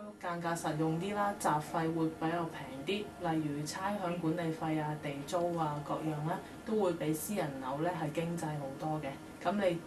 都間價實用啲啦，雜費會比較平啲，例如差餉管理費啊、地租啊各樣咧，都會比私人樓咧係經濟好多嘅。咁你。